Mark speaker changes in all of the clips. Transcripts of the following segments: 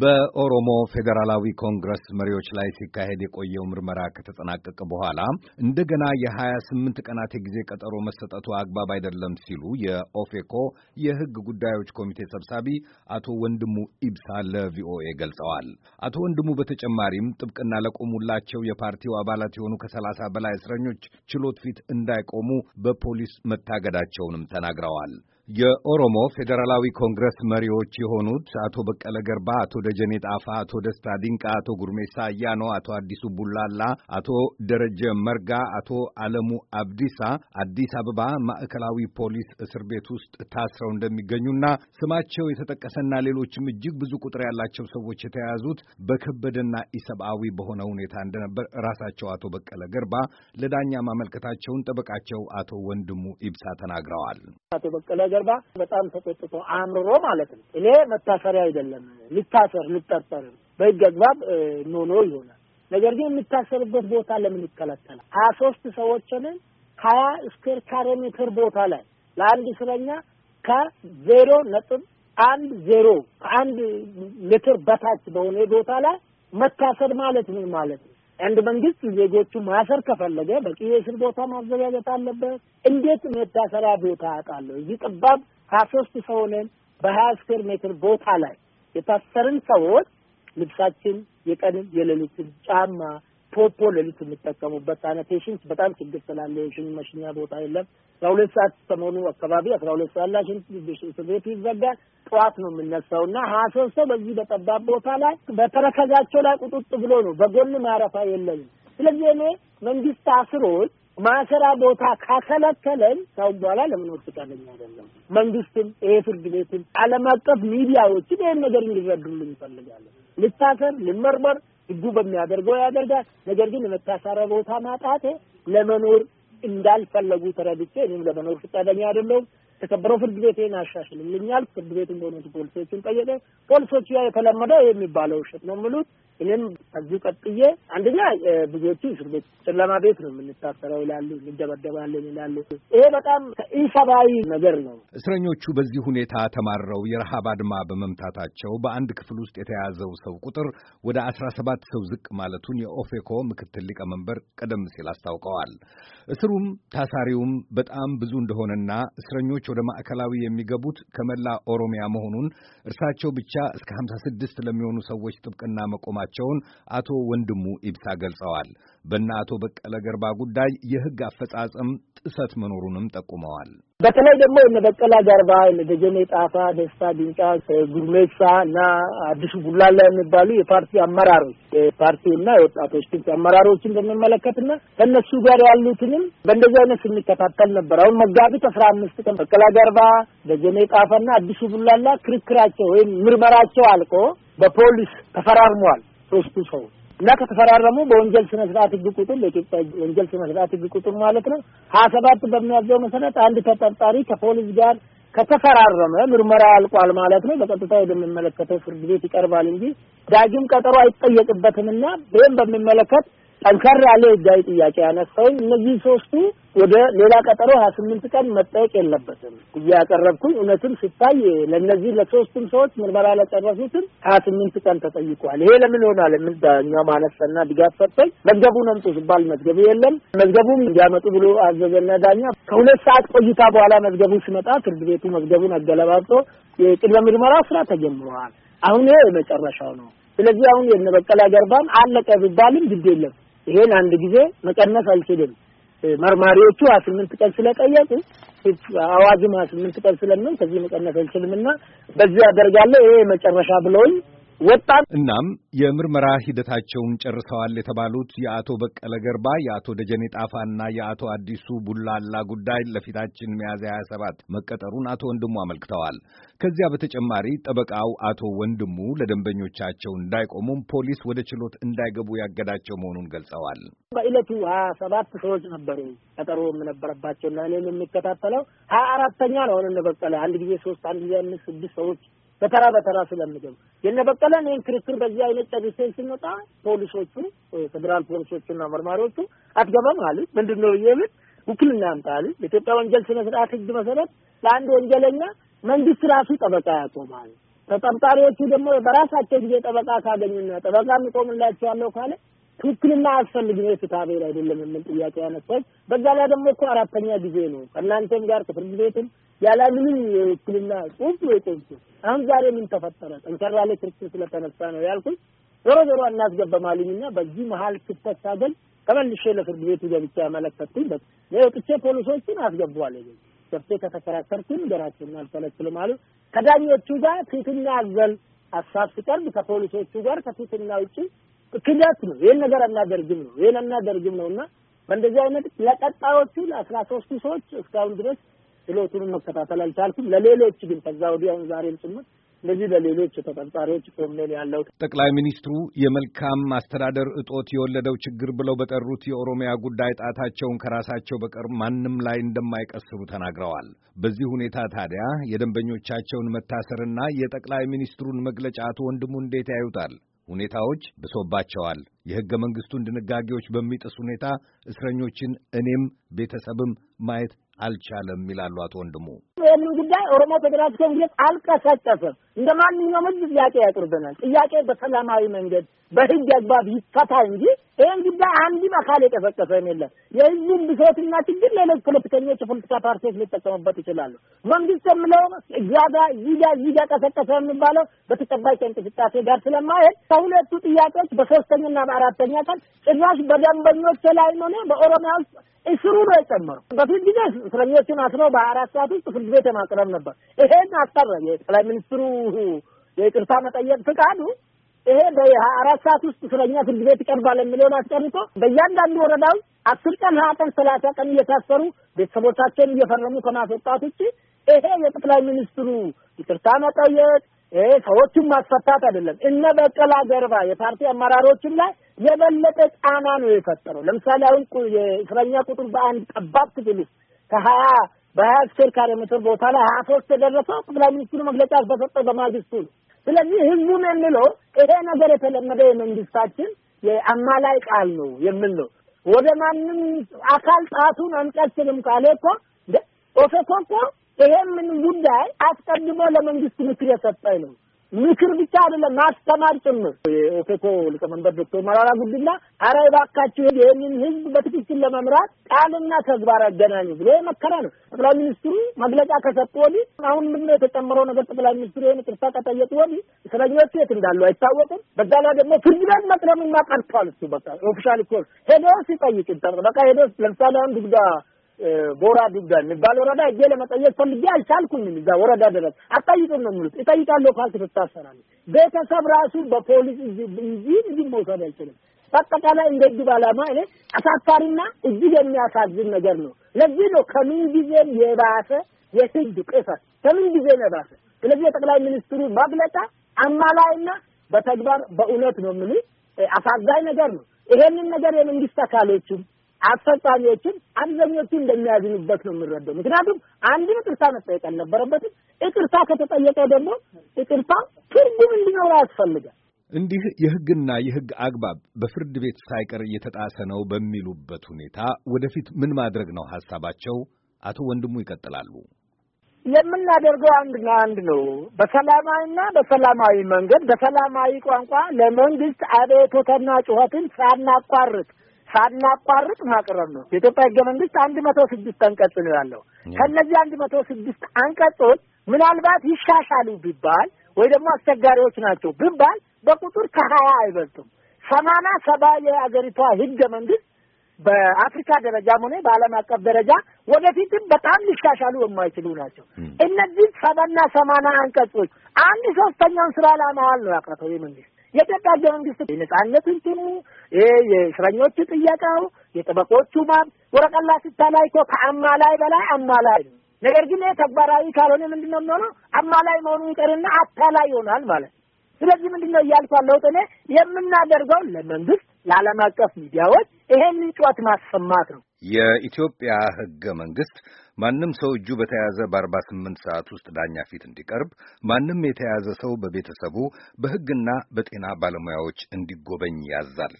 Speaker 1: በኦሮሞ ፌዴራላዊ ኮንግረስ መሪዎች ላይ ሲካሄድ የቆየው ምርመራ ከተጠናቀቀ በኋላ እንደገና የሀያ ስምንት ቀናት የጊዜ ቀጠሮ መሰጠቱ አግባብ አይደለም ሲሉ የኦፌኮ የሕግ ጉዳዮች ኮሚቴ ሰብሳቢ አቶ ወንድሙ ኢብሳ ለቪኦኤ ገልጸዋል። አቶ ወንድሙ በተጨማሪም ጥብቅና ለቆሙላቸው የፓርቲው አባላት የሆኑ ከሰላሳ በላይ እስረኞች ችሎት ፊት እንዳይቆሙ በፖሊስ መታገዳቸውንም ተናግረዋል። የኦሮሞ ፌዴራላዊ ኮንግረስ መሪዎች የሆኑት አቶ በቀለ ገርባ፣ አቶ ደጀኔ ጣፋ፣ አቶ ደስታ ዲንቃ፣ አቶ ጉርሜሳ አያኖ፣ አቶ አዲሱ ቡላላ፣ አቶ ደረጀ መርጋ፣ አቶ አለሙ አብዲሳ አዲስ አበባ ማዕከላዊ ፖሊስ እስር ቤት ውስጥ ታስረው እንደሚገኙና ስማቸው የተጠቀሰና ሌሎችም እጅግ ብዙ ቁጥር ያላቸው ሰዎች የተያዙት በከበደና ኢሰብአዊ በሆነ ሁኔታ እንደነበር ራሳቸው አቶ በቀለ ገርባ ለዳኛ ማመልከታቸውን ጠበቃቸው አቶ ወንድሙ ኢብሳ ተናግረዋል።
Speaker 2: ከጀርባ በጣም ተቆጥቶ አምርሮ ማለት ነው። እኔ መታሰሪያ አይደለም ልታሰር ልጠጠር በህግ አግባብ ኖኖ ይሆናል። ነገር ግን የሚታሰርበት ቦታ ለምን ይከለከላል? ሀያ ሶስት ሰዎችንን ሀያ እስክር ካሬ ሜትር ቦታ ላይ ለአንድ እስረኛ ከዜሮ ነጥብ አንድ ዜሮ ከአንድ ሜትር በታች በሆነ ቦታ ላይ መታሰር ማለት ምን ማለት ነው? አንድ መንግስት ዜጎቹ ማሰር ከፈለገ በቂ የእስር ቦታ ማዘጋጀት አለበት። እንዴት መታሰሪያ ቦታ አውቃለሁ? እዚህ ጠባብ ሀያ ሶስት ሰው ነን በሀያ ስኩዌር ሜትር ቦታ ላይ የታሰርን ሰዎች ልብሳችን የቀንም የሌሊትን ጫማ ፖፖ ሌሊት የሚጠቀሙበት ሳኒቴሽን በጣም ችግር ስላለ የሽን መሽኛ ቦታ የለም። አስራ ሁለት ሰዓት ሰሞኑ አካባቢ አስራ ሁለት ሰዓት ላይ ሽንት እስር ቤቱ ይዘጋል። ጠዋት ነው የምነሳው እና ሀያ ሶስት ሰው በዚህ በጠባብ ቦታ ላይ በተረከዛቸው ላይ ቁጥጥ ብሎ ነው። በጎን ማረፋ የለንም። ስለዚህ እኔ መንግስት አስሮች ማሰራ ቦታ ካከለከለን ሰው በኋላ ለምን ወስቃለኝ ፍቃደኛ አይደለም? መንግስትም ይሄ ፍርድ ቤትም ዓለም አቀፍ ሚዲያዎችም ይህን ነገር እንዲረዱልን እንፈልጋለን። ልታሰር ልመርመር እጁ በሚያደርገው ያደርጋል። ነገር ግን የመታሰሪያ ቦታ ማጣቴ ለመኖር እንዳልፈለጉ ተረድቼ እኔም ለመኖር ፍቃደኛ አይደለሁም። የተከበረው ፍርድ ቤት ይህን አሻሽልልኛል። ፍርድ ቤት እንደሆነ ፖሊሶችን ጠየቀ። ፖሊሶቹ ያ የተለመደ የሚባለው ውሸት ነው የሚሉት እኔም ከዚሁ ቀጥዬ አንደኛ ብዙዎቹ እስር ቤት ጨለማ ቤት ነው የምንታሰረው ይላሉ፣ እንደበደባለን ይላሉ። ይሄ በጣም ኢሰብአዊ ነገር ነው።
Speaker 1: እስረኞቹ በዚህ ሁኔታ ተማረው የረሃብ አድማ በመምታታቸው በአንድ ክፍል ውስጥ የተያዘው ሰው ቁጥር ወደ አስራ ሰባት ሰው ዝቅ ማለቱን የኦፌኮ ምክትል ሊቀመንበር ቀደም ሲል አስታውቀዋል። እስሩም ታሳሪውም በጣም ብዙ እንደሆነና እስረኞች ወደ ማዕከላዊ የሚገቡት ከመላ ኦሮሚያ መሆኑን እርሳቸው ብቻ እስከ ሀምሳ ስድስት ለሚሆኑ ሰዎች ጥብቅና መቆማ መሆናቸውን አቶ ወንድሙ ኢብሳ ገልጸዋል። በእነ አቶ በቀለ ገርባ ጉዳይ የህግ አፈጻጸም ጥሰት መኖሩንም ጠቁመዋል።
Speaker 2: በተለይ ደግሞ እነ በቀለ ገርባ፣ እነ ደጀኔ ጣፋ፣ ደስታ ዲንቃ፣ ጉርሜሳ እና አዲሱ ቡላላ የሚባሉ የፓርቲ አመራሮች የፓርቲ የፓርቲውና የወጣቶች ድምፅ አመራሮችን በሚመለከት በሚመለከትና ከእነሱ ጋር ያሉትንም በእንደዚህ አይነት ስንከታተል ነበር። አሁን መጋቢት አስራ አምስት ቀን በቀለ ገርባ፣ ደጀኔ ጣፋ ጣፋና አዲሱ ቡላላ ክርክራቸው ወይም ምርመራቸው አልቆ በፖሊስ ተፈራርሟል። ሶስቱ ሰው እና ከተፈራረሙ በወንጀል ስነ ስርዓት ህግ ቁጥር ለኢትዮጵያ ወንጀል ስነ ስርዓት ህግ ቁጥር ማለት ነው ሀያ ሰባት በሚያዘው መሰረት አንድ ተጠርጣሪ ከፖሊስ ጋር ከተፈራረመ ምርመራ ያልቋል ማለት ነው። በቀጥታ ወደሚመለከተው ፍርድ ቤት ይቀርባል እንጂ ዳግም ቀጠሮ አይጠየቅበትምና ይህም በሚመለከት ጠንከር ያለ ህጋዊ ጥያቄ ያነሳውኝ እነዚህ ሶስቱ ወደ ሌላ ቀጠሮ ሀያ ስምንት ቀን መጠየቅ የለበትም እያቀረብኩኝ እውነትም ሲታይ ለእነዚህ ለሶስቱም ሰዎች ምርመራ ለጨረሱትም ሀያ ስምንት ቀን ተጠይቋል። ይሄ ለምን ሆናል? የምን ዳኛው ማነሰና ድጋፍ ሰጥቶኝ መዝገቡን አምጡ ሲባል መዝገቡ የለም። መዝገቡም እንዲያመጡ ብሎ አዘዘና ዳኛ ከሁለት ሰዓት ቆይታ በኋላ መዝገቡ ሲመጣ ፍርድ ቤቱ መዝገቡን አገለባብጦ የቅድመ ምርመራ ስራ ተጀምረዋል። አሁን ይሄ የመጨረሻው ነው። ስለዚህ አሁን የነ ገርባን አለቀ ቢባልም ግድ የለም ይሄን አንድ ጊዜ መቀነስ አልችልም። መርማሪዎቹ ስምንት ቀን ስለጠየቁ አዋጅም ስምንት ቀን ስለምን ከዚህ መቀነስ አልችልምና በዚህ አደርጋለሁ ይሄ መጨረሻ ብለውኝ
Speaker 1: ወጣን። እናም የምርመራ ሂደታቸውን ጨርሰዋል የተባሉት የአቶ በቀለ ገርባ፣ የአቶ ደጀኔ ጣፋ እና የአቶ አዲሱ ቡላላ ጉዳይ ለፊታችን ሚያዝያ 27 መቀጠሩን አቶ ወንድሙ አመልክተዋል። ከዚያ በተጨማሪ ጠበቃው አቶ ወንድሙ ለደንበኞቻቸው እንዳይቆሙም ፖሊስ ወደ ችሎት እንዳይገቡ ያገዳቸው መሆኑን ገልጸዋል።
Speaker 2: በእለቱ ሀያ ሰባት ሰዎች ነበሩ ቀጠሮ የምነበረባቸውና እኔም የሚከታተለው ሀያ አራተኛ ነው። አሁን እነ በቀለ አንድ ጊዜ ሶስት አንድ ጊዜ አምስት ስድስት ሰዎች በተራ በተራ ስለምገቡ የነ በቀለ እኔን ክርክር በዚህ አይነት ጨርሰን ስንወጣ ፖሊሶቹ ፌዴራል ፖሊሶቹና መርማሪዎቹ አትገባም አሉት። ምንድን ነው ብዬ ብል ውክልና አምጣ አሉት። በኢትዮጵያ ወንጀል ስነ ስርዓት ህግ መሰረት ለአንድ ወንጀለኛ መንግስት ራሱ ጠበቃ ያቆማል። ተጠርጣሪዎቹ ደግሞ በራሳቸው ጊዜ ጠበቃ ካገኙና ጠበቃ የሚቆምላቸው አለው ካለ ትክክልና አያስፈልግም የፍትሐ ብሔር አይደለም የሚል ጥያቄ ያነሳች። በዛ ላይ ደግሞ እኮ አራተኛ ጊዜ ነው ከእናንተም ጋር ከፍርድ ቤትም ያለ ምንም የውክልና ጽሁፍ የቆምኩ። አሁን ዛሬ ምን ተፈጠረ? ጠንከር ያለ ክርክር ስለተነሳ ነው ያልኩኝ። ዞሮ ዞሮ እናስገባም አሉኝና በዚህ መሀል ክፍተት ሳገኝ ተመልሼ ለፍርድ ቤቱ ገብቼ ያመለከትኩኝ። ወጥቼ ፖሊሶችን አስገቧል ይ ገብቼ ከተከራከርኩኝ ገራችን አልከለክልም አሉ። ከዳኞቹ ጋር ትህትና አዘል ሀሳብ ሲቀርብ ከፖሊሶቹ ጋር ከትህትና ውጭ ክዳት ነው። ይህን ነገር አናደርግም ነው ይህን አናደርግም ነው እና በእንደዚህ አይነት ለቀጣዮቹ ለአስራ ሶስቱ ሰዎች እስካሁን ድረስ ችሎቱን መከታተል አልቻልኩም። ለሌሎች ግን ከዛ ወዲያ ዛሬም ጭምር እንደዚህ ለሌሎች ተጠርጣሪዎች ኮምኔል
Speaker 1: ያለው ጠቅላይ ሚኒስትሩ የመልካም አስተዳደር እጦት የወለደው ችግር ብለው በጠሩት የኦሮሚያ ጉዳይ ጣታቸውን ከራሳቸው በቀር ማንም ላይ እንደማይቀስሩ ተናግረዋል። በዚህ ሁኔታ ታዲያ የደንበኞቻቸውን መታሰርና የጠቅላይ ሚኒስትሩን መግለጫ አቶ ወንድሙ እንዴት ያዩታል? ሁኔታዎች ብሶባቸዋል። የሕገ መንግሥቱን ድንጋጌዎች በሚጥስ ሁኔታ እስረኞችን እኔም ቤተሰብም ማየት አልቻለም ይላሉ አቶ ወንድሙ።
Speaker 2: ይህንም ጉዳይ ኦሮሞ ፌዴራል ኮንግሬስ አልቀሰቀሰም። እንደ ማንኛውም ሕዝብ ጥያቄ ያቅርብናል። ጥያቄ በሰላማዊ መንገድ በህግ አግባብ ይፈታ እንጂ ይህን ጉዳይ አንድም አካል የቀሰቀሰም የለም። የህዝቡን ብሶትና ችግር ሌሎች ፖለቲከኞች፣ የፖለቲካ ፓርቲዎች ሊጠቀሙበት ይችላሉ። መንግስት የምለው እዚያጋ ዚጋ ዚጋ ቀሰቀሰ የሚባለው በተጨባጭ እንቅስቃሴ ጋር ስለማይሄድ ከሁለቱ ጥያቄዎች በሶስተኛና በአራተኛ ቀን ጭራሽ በደንበኞች ላይ ሆነ በኦሮሚያ ውስጥ እስሩ ነው የጨመሩ። በፊት ጊዜ እስረኞችን አስረው በአራት ሰዓት ውስጥ ፍርድ ቤት የማቅረብ ነበር። ይሄን አስቀረ የጠቅላይ ሚኒስትሩ የቅርታ መጠየቅ ፍቃዱ ይሄ በሀያ አራት ሰዓት ውስጥ እስረኛ ፍርድ ቤት ይቀርባል የሚለውን አስቀርቶ በእያንዳንዱ ወረዳ አስር ቀን ሀያ ቀን ሰላሳ ቀን እየታሰሩ ቤተሰቦቻቸውን እየፈረሙ ከማስወጣት ውጭ ይሄ የጠቅላይ ሚኒስትሩ ይቅርታ መጠየቅ ሰዎቹን ማስፈታት አይደለም። እነ በቀላ ገርባ የፓርቲ አመራሮችን ላይ የበለጠ ጫና ነው የፈጠረው። ለምሳሌ አሁን የእስረኛ ቁጥር በአንድ ጠባብ ክፍል ውስጥ ከሀያ በሀያ ስኬር ካሬ ሜትር ቦታ ላይ ሀያ ሶስት የደረሰው ጠቅላይ ሚኒስትሩ መግለጫ በሰጠ በማግስቱ ነው። ስለዚህ ህዝቡም የምለው ይሄ ነገር የተለመደ የመንግስታችን የአማላይ ቃል ነው የምል ነው። ወደ ማንም አካል ጣቱን አንቀስልም ካለ እኮ ኦፌኮ እኮ ይሄ ምን ጉዳይ አስቀድሞ ለመንግስት ምክር የሰጠኝ ነው። ምክር ብቻ አይደለም ማስተማር ጭምር። የኦፌኮ ሊቀመንበር ዶክተር መራራ ጉዲና አረ እባካችሁ ይህንን ህዝብ በትክክል ለመምራት ቃልና ተግባር አገናኙ ብሎ መከራ ነው። ጠቅላይ ሚኒስትሩ መግለጫ ከሰጡ ወዲህ አሁን ምንድነው የተጨመረው ነገር? ጠቅላይ ሚኒስትሩ ይህን ይቅርታ ከጠየቁ ወዲህ እስረኞቹ የት እንዳሉ አይታወቅም። በዛ ላይ ደግሞ ፍርድ ቤት መቅረብማ ቀርቷል። እሱ በቃ ኦፊሻል እኮ ሄዶ ሲጠይቅ በቃ ሄዶ ለምሳሌ አሁን ጉዳ ቦራ ዱግዳ የሚባል ወረዳ እጄ ለመጠየቅ ፈልጌ አልቻልኩኝም። እዛ ወረዳ ድረስ አጠይቅም ነው የሚሉት። እጠይቃለሁ ካልክ ትታሰራለህ። ቤተሰብ ራሱ በፖሊስ እንጂ እዚህ መውሰድ አይችልም። በአጠቃላይ እንደ ግብ ዓላማ እኔ አሳፋሪና እጅግ የሚያሳዝን ነገር ነው። ለዚህ ነው ከምን ጊዜም የባሰ የህግ ቅፈት ከምን ጊዜም የባሰ ስለዚህ የጠቅላይ ሚኒስትሩ መግለጫ አማላይና በተግባር በእውነት ነው የምልህ አሳዛኝ ነገር ነው። ይሄንን ነገር የመንግስት አካሎችም አስፈጻሚዎችን አብዛኞቹ እንደሚያዝኑበት ነው የምንረዳው። ምክንያቱም አንድም ይቅርታ መጠየቅ አልነበረበትም። ይቅርታ ከተጠየቀ ደግሞ ይቅርታ ትርጉም እንዲኖረው ያስፈልጋል።
Speaker 1: እንዲህ የሕግና የሕግ አግባብ በፍርድ ቤት ሳይቀር እየተጣሰ ነው በሚሉበት ሁኔታ ወደፊት ምን ማድረግ ነው ሀሳባቸው? አቶ ወንድሙ ይቀጥላሉ።
Speaker 2: የምናደርገው አንድና አንድ ነው። በሰላማዊና በሰላማዊ መንገድ በሰላማዊ ቋንቋ ለመንግስት አቤቱታና ጩኸትን ሳናቋርጥ ሳናቋርጥ ማቅረብ ነው። የኢትዮጵያ ህገ መንግስት አንድ መቶ ስድስት አንቀጽ ነው ያለው። ከእነዚህ አንድ መቶ ስድስት አንቀጾች ምናልባት ይሻሻሉ ቢባል ወይ ደግሞ አስቸጋሪዎች ናቸው ቢባል በቁጥር ከሀያ አይበልጡም። ሰማና ሰባ የአገሪቷ ህገ መንግስት በአፍሪካ ደረጃም ሆነ በዓለም አቀፍ ደረጃ ወደፊትም በጣም ሊሻሻሉ የማይችሉ ናቸው። እነዚህ ሰባና ሰማና አንቀጾች አንድ ሶስተኛውን ስራ ላይ ማዋል ነው ያቃተው መንግስት። የኢትዮጵያ መንግስት የነጻነት እንትኑ የእስረኞቹ ጥያቄው የጠበቆቹ መብት ወረቀላ ስታላይ እኮ ላይ በላይ አማ ነው። ነገር ግን ተግባራዊ ካልሆነ ምንድን ነው የሚሆነው? ላይ መሆኑ ይቀርና አታላይ ይሆናል ማለት ስለዚህ ምንድን ነው እያልኩ ያለሁት እኔ የምናደርገው ለመንግስት፣ ለዓለም አቀፍ ሚዲያዎች ይሄን ጩኸት ማሰማት ነው።
Speaker 1: የኢትዮጵያ ሕገ መንግሥት ማንም ሰው እጁ በተያዘ በ48 ሰዓት ውስጥ ዳኛ ፊት እንዲቀርብ፣ ማንም የተያዘ ሰው በቤተሰቡ በሕግና በጤና ባለሙያዎች እንዲጎበኝ ያዛል።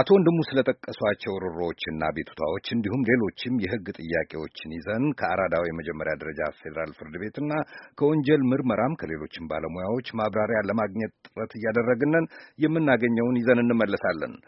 Speaker 1: አቶ ወንድሙ ስለጠቀሷቸው ሮሮዎችና ቤቱታዎች እንዲሁም ሌሎችም የሕግ ጥያቄዎችን ይዘን ከአራዳው የመጀመሪያ ደረጃ ፌዴራል ፍርድ ቤትና ከወንጀል ምርመራም ከሌሎችም ባለሙያዎች ማብራሪያ ለማግኘት ጥረት እያደረግንን የምናገኘውን ይዘን እንመለሳለን።